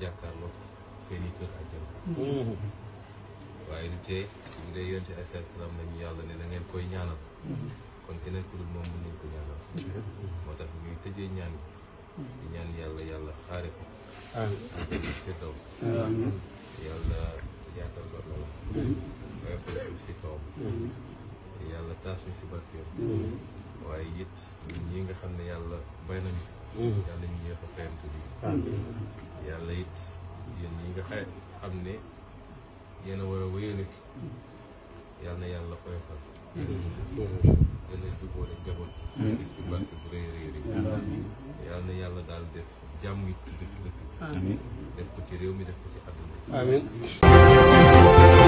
jàkkaarloo seen kër àjjana mmh. waaye du tee bu dee yonte ay saa salaam nañu yàlla ne na ngeen koy ñaanal mmh. kon keneen ku dul moom mën nañ ko ñaanal mmh. moo tax ñuy tëjee ñaan gi ñaan yàlla yàlla xaare ko amiin firdaws yàlla yaatal ko lool waaye ko suuf si kawam yàlla taas ñu si barkeem waaye it ñun ñi nga xam ne yàlla bay nañu yàlla ñu yéex a fayamtu lii yàlla it yéen ñi nga xay xam ne yéen a war yàlla na yàlla koy fal yàlla na yàlla daal def jàmm ci def ko ci réew mi def ko ci àdduna amiin